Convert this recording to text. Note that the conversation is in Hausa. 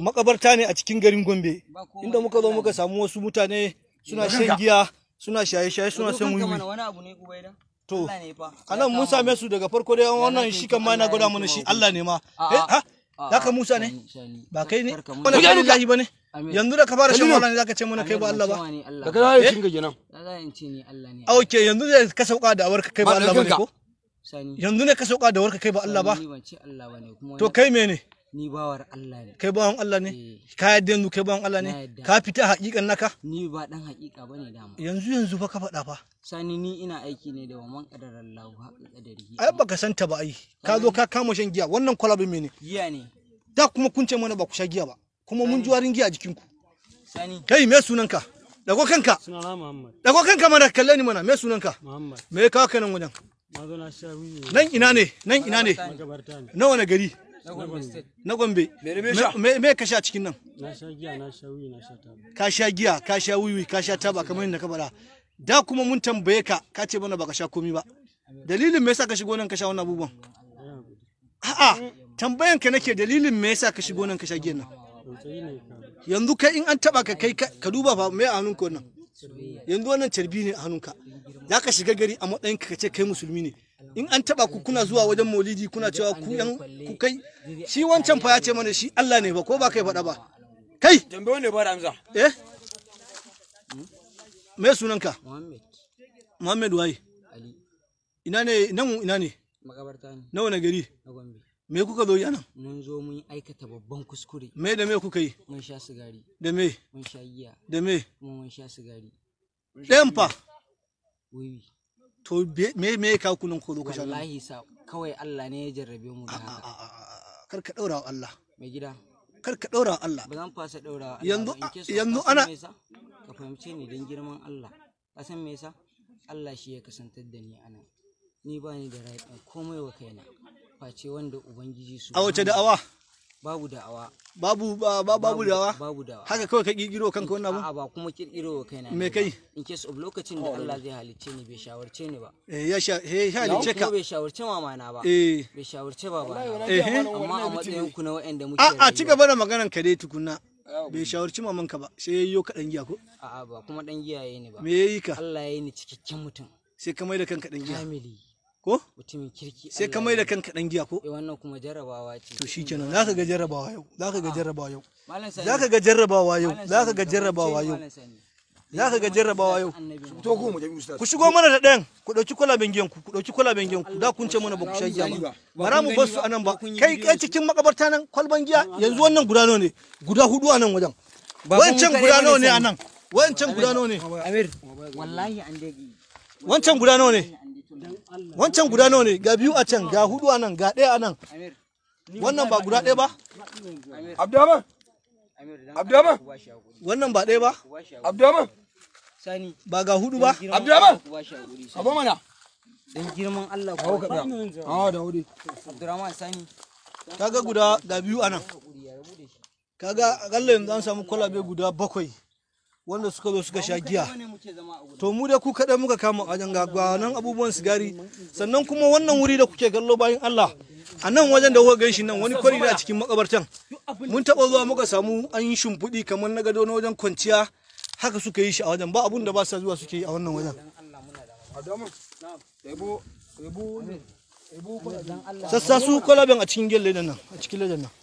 makabarta ne a cikin garin Gombe inda muka zo muka samu wasu mutane suna shan giya suna shaye-shaye suna son wuyi to anan nan musa su daga farko dai wannan shi kan ma na gwada mana shi Allah ne ma eh ka Musa ne? Ba kai ne? Wani kai yi gashi ba ne? Yanzu da ka fara shan wala ne ka ce mana kai ba Allah ba. Ka ga ya cinga kenan. Za ne. yanzu da ka sauka da awarka kai ba Allah ba ne ah, ko? Yanzu ne ka sauka da awarka kai ba Allah ba. To kai mene? Ni bawar Allah ne. Kai bawan Allah ne? Eh. Ka yadda yanzu kai bawan Allah ne? Ka fita haƙiƙan naka? Ni ba dan haƙiƙa bane dama. Yanzu yanzu fa ka faɗa fa. Sani ni ina aiki ne da waman kadar Allah ha kadari. Ai baka santa ba ai. Ka zo ka kama shan giya wannan kwalabin mene? Giya ne. Da kuma kun ce mana ba ku sha giya ba. Kuma mun ji warin giya a ku Sani. Kai me sunanka? Dago kanka. Sunana Muhammad. Dago kanka mana kalle ni mana me sunanka? Muhammad. Me ka nan wajen? mazo na Nan ina ne? Nan ina ne? Nawa na gari? na gombe me ka sha cikin nan na na ka sha giya ka sha wiwi ka sha taba kamar yadda ka bara da kuma mun tambaye ka ka ce mana baka sha komi ba dalilin me yasa ka shigo nan ka sha wannan abubuwan a'a tambayan ka nake dalilin me yasa ka shigo nan ka sha giyan nan yanzu kai in an taba ka kai ka duba fa me a hannunka wannan yanzu wannan carbi ne a hannunka za ka shiga gari a matsayin ka ce kai musulmi ne in an taba ku kuna zuwa wajen maulidi kuna cewa ku yan ku kai shi wancan fa ya ce mana shi Allah ne ba ko ba kai faɗa ba kai tambayo ne ba Ramza eh me sunanka Muhammad Muhammad waye ina ne nan ina ne makabarta ne nawa na gari na Gombe me kuka zo yana mun zo mun aikata babban kuskure me da me kuka yi mun sha sigari da me mun sha giya da me mun sha sigari ɗayan fa wiwi so me me ka kunun ko lokacin wallahi sa kawai Allah ne ya jarrabe mu da haka kar ka daura wa Allah mai gida kar ka daura wa Allah ba zan fasa daura wa yanzu yanzu ana ka fahimce ni dan girman Allah ka san me yasa Allah shi ya kasantar da ni ana ni ba ni da rai komai wa kaina face wanda ubangiji su a wace da'awa babu da'awa babu ba, ba, babu da'awa babu da'awa haka kawai ka kirkiro kanka wannan abu ba kuma kirkiro kai na me kai in case of lokacin da oh, Allah zai halicce ni bai shawarce ni ba eh ya sha he halicce ka bai shawarce mama na ba eh bai shawarce baba na eh amma a matsayin ku na waɗanda muke a a ci gaba da maganar ka dai tukunna bai shawarci maman ka ba sai yayyo ka dan giya ko a'a ba kuma dan giya yayi ni ba me yayi ka Allah yayi ni cikakken mutum sai ka mai da kanka dan giya family ko mutumin kirki sai ka mai da kanka dan giya ko eh wannan kuma jarrabawa ce to shikenan zaka ga jarrabawa yau zaka ah. ga jarrabawa yau zaka ga jarrabawa yau zaka ga jarrabawa yau zaka ga jarrabawa yau to ku mu tafi ustaz ku shigo mana da dan ku dauki kwalaben giyan ku ku dauki kwalaben giyan ku da kun ce mana ba ku sha giya ba bara mu bar su anan ba kai kai cikin makabarta nan kwalban giya yanzu wannan guda nawa ne guda hudu anan wajen wancan guda nawa ne anan wancan guda nawa ne amir wallahi an dai wancan guda nawa ne wancan guda nawa ne ga biyu a can ga hudu a nan ga ɗaya a nan wannan ba guda ɗaya ba abdaman abdaman wannan ba ɗaya ba abdaman sani ba ga hudu ba abdaman abu mana dan girman Allah ko ka da ah da wuri abdurrahman sani kaga guda ga biyu a nan kaga kallon yanzu an samu kwalabe guda bakwai wanda suka zo suka sha giya to mu da ku kaɗai muka kama a ga nan abubuwan sigari sannan kuma wannan wuri da kuke gallo bayan Allah a nan wajen da kuka gan shi nan wani kwari da a cikin makabartan mun taɓa zuwa muka samu an yi shimfiɗi kamar na gado na wajen kwanciya haka suka yi shi a wajen ba abun da ba sa zuwa suke yi a wannan wajen sassa su kwalaben a cikin gyalle nan a cikin ledan nan